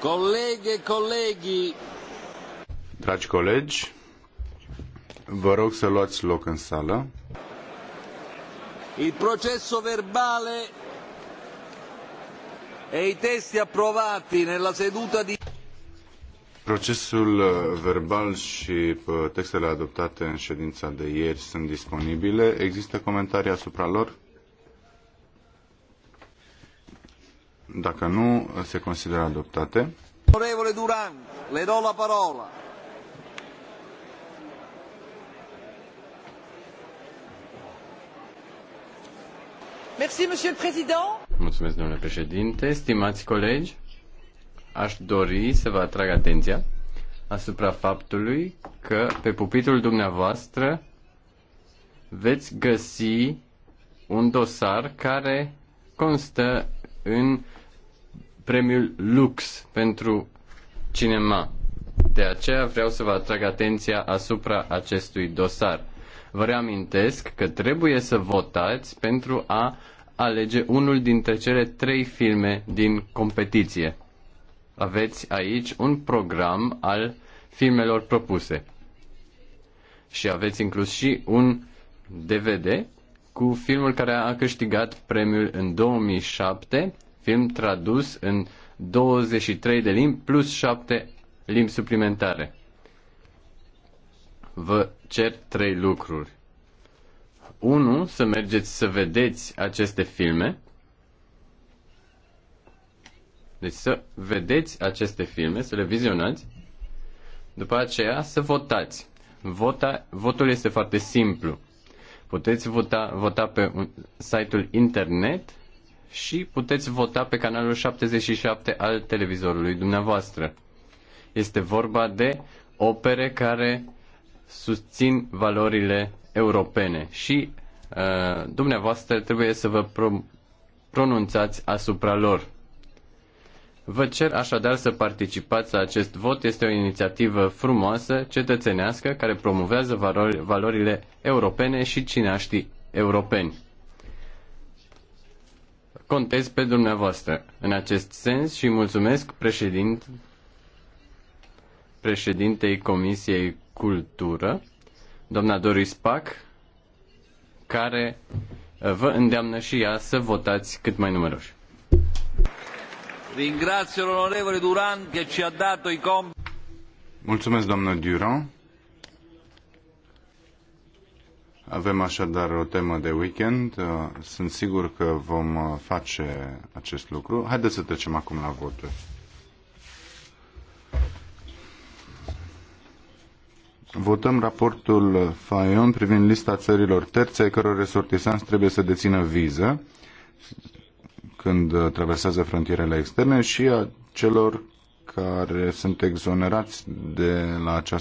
Colege, colegi. Dragi colegi, vă rog să luați loc în sală. Il processo verbale e i testi approvati nella seduta di Procesul uh, verbal și uh, textele adoptate în ședința de ieri sunt disponibile. Există comentarii asupra lor? Dacă nu, se consideră adoptate. Onorevole Duran, le do la parola. Merci, Monsieur le Président. Mulțumesc, domnule președinte. Stimați colegi, aș dori să vă atrag atenția asupra faptului că pe pupitul dumneavoastră veți găsi un dosar care constă în premiul Lux pentru cinema. De aceea vreau să vă atrag atenția asupra acestui dosar. Vă reamintesc că trebuie să votați pentru a alege unul dintre cele trei filme din competiție. Aveți aici un program al filmelor propuse. Și aveți inclus și un DVD cu filmul care a câștigat premiul în 2007, film tradus în 23 de limbi plus 7 limbi suplimentare. Vă cer trei lucruri. 1. Să mergeți să vedeți aceste filme. Deci să vedeți aceste filme, să le vizionați. După aceea să votați. Vota, votul este foarte simplu Puteți vota, vota pe site-ul internet și puteți vota pe canalul 77 al televizorului dumneavoastră. Este vorba de opere care susțin valorile europene și uh, dumneavoastră trebuie să vă pro- pronunțați asupra lor. Vă cer așadar să participați la acest vot. Este o inițiativă frumoasă, cetățenească, care promovează valori, valorile europene și cineaștii europeni. Contez pe dumneavoastră în acest sens și mulțumesc președint, președintei Comisiei Cultură, doamna Doris Pac, care vă îndeamnă și ea să votați cât mai numeroși. Ringrazio l'onorevole Duran che ci ha dato i compiti. Mulțumesc, doamnă Durand. Avem așadar o temă de weekend. Sunt sigur că vom face acest lucru. Haideți să trecem acum la voturi. Votăm raportul Fayon privind lista țărilor terțe căror resortisanți trebuie să dețină viză când uh, traversează frontierele externe și a celor care sunt exonerați de la această